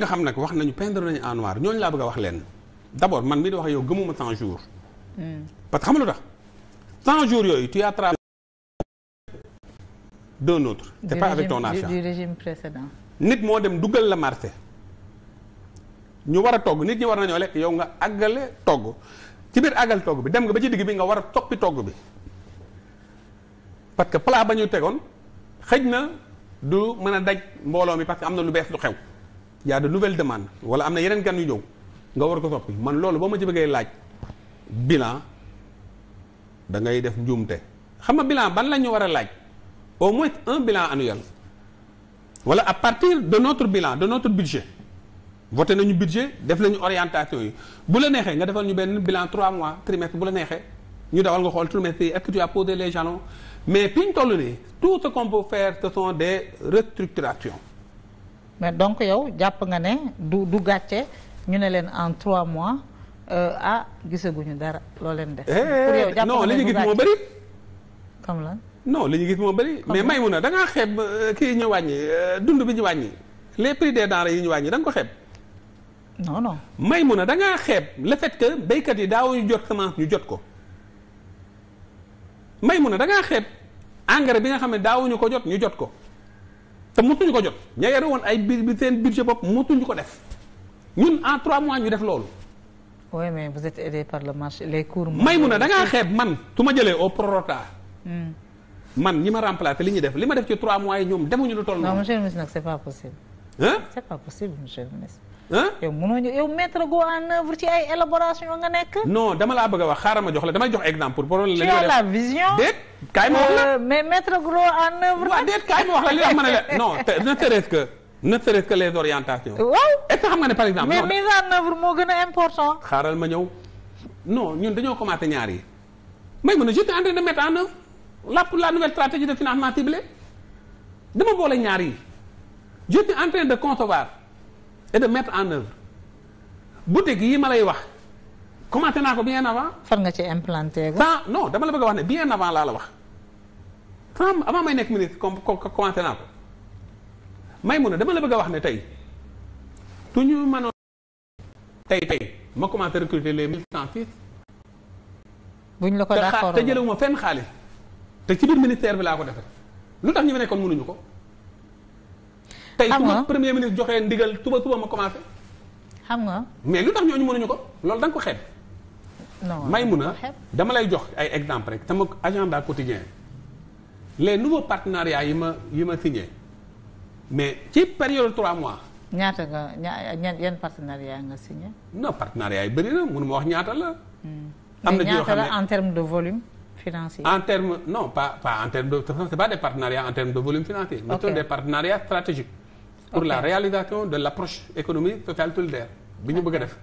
nga xam nag wax nañu peindre nañu en noir ñooñu laa bëgg leen d'abord man mii di wax yow gëmuma 100 jours. Hmm. parce que xam nga lu jours yooyu tu as travaillé d'un autre. c'est pas avec ton argent du nit moo dem dugal la marché ñu war a togg nit ñi war nañoo lekk yow nga àggale togg ci biir àggal togg bi dem nga ba ci digg bi nga war a toppi togg bi parce que plat ba ñu tegoon xëj na du mën a daj mbooloo mi parce que am na lu bees lu xew. y a de nouvelles demandes wala am na yeneen gan yu ñëw nga war ko toppi man loolu boo ma ci bëggee laaj bilan da ngay def njuumte xam nga bilan ban la ñu war a laaj au moins un bilan annuel wala à partir de notre bilan de notre budget voté nañu budget def nañu orientation yi bu la neexee nga defal ñu benn bilan 3 mois trimestre bu la neexee ñu dawal nga xool trimestre yi est-ce que tu as les jalons mais fi ñu toll nii tout ce qu'on peut faire ce sont mais donc yow jàpp nga ne du du gàcce ñu ne leen en trois mois euh, ah gisaguñu dara loo leen def. Eh, pour yow jàpp non li ñu gis moo bëri. comme li ñu gis moo bëri. mais may mun a da ngaa xeeb euh, kii ñu wàññi euh, dund bi ñu wàññi les prix des denrées yi ñu wàññi da ko xeeb. non non may mun a da ngaa xeeb le fait que béykat yi daawuñu jot semence ñu jot ko. may mun a da ngaa xeeb engrais bi nga xam ne daawuñu ko jot ñu jot ko. te mosuñu ko jot ña yore woon ay bi seen budget bopp mosuñu ko def ñun en trois mois ñu def loolu. oui mais vous êtes aidé les cours. may mun a da ngaa man su ma jëlee o prorata. Hmm. man ñi ma remplacé li ñu def li ma def ci trois mois yi ñoom demuñu lu toll. non monsieur le nag c'est pas possible. hein c'est pas possible monsieur le yow mënoo ñu yow mettre go en œuvre ci ay élaboration nga nekk. no dama laa bëgg wax xaaral ma jox la damay jox exemple pour problème la. tu la vision déet kaay ma wax la mais mettre go en œuvre. waaw déet kaay ma wax la li tax ma ne par exemple. mais mise moo gën a important. xaaral ma ñëw non ñun dañoo commencé ñaar yi may mën a j'étais en train la pour la nouvelle dama boole ñaari yi j'étais en de concevoir et de mettre en œuvre boutique yi ma lay wax commencé naa ko bien avant. fan nga ci implanté sans non dama la bëgg a wax ne bien avant laa la wax sans avant may nekk ministre com commencé naa ko may mun a dama la bëgg a wax ne tey tu ñu mënoon tey tey ma commencé recruter les mille cent six buñ la ko d'accord te jëlewuma fenn xaalis te ci biir ministère bi laa ko defee lu tax ñu fi nekkoon mënuñu ko. tey su ma premier ministre joxee ndigal tuba tuba ma commencé. xam nga. mais lu tax ñooñu mënuñu ko loolu da ko xeeb. non may mun a dama lay jox ay exemple rek sama agenda quotidien les nouveaux partenariat yi ma yi ma signé mais ci période 3 mois. ñaata nga ña yan partenariat nga signé. non partenariat yi bëri na mënuma wax ñaata la. Hmm. am na ñaata la en terme de volume financier. en terme non pas pas en terme de partenariat pas en terme de volume financier. mais ce sont des partenariats pour la réalisation de l'approche économique sociale solidaire bi ñu bëgg a def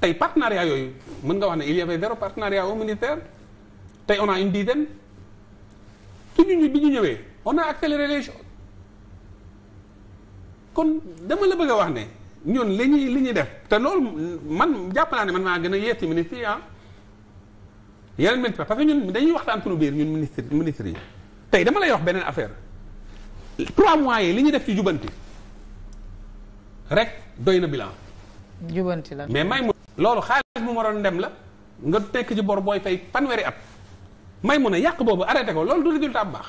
tey partenariat yooyu mën nga wax ne il y avait zéro partenariat au ministère tey on a une dizaine suñu ñu bi ñu ñëwee on a accéléré les choses kon dama la bëgg a wax ne ñoon li ñuy li ñuy def te loolu man jàpp naa ne man maa gën a yees ci ministre yi ah yeneen parce que ñun dañuy waxtaan suñu biir ñun ministre ministres yi tey dama lay wax beneen affaire trois mois yi li ñu def ci jubanti rek doy na bilan. jubanti la mais may mu loolu xaalis bu ma doon dem la nga tekk ci bor booy fay fanweeri at may mun ne yàq boobu arrêté ko loolu du résultat bu baax.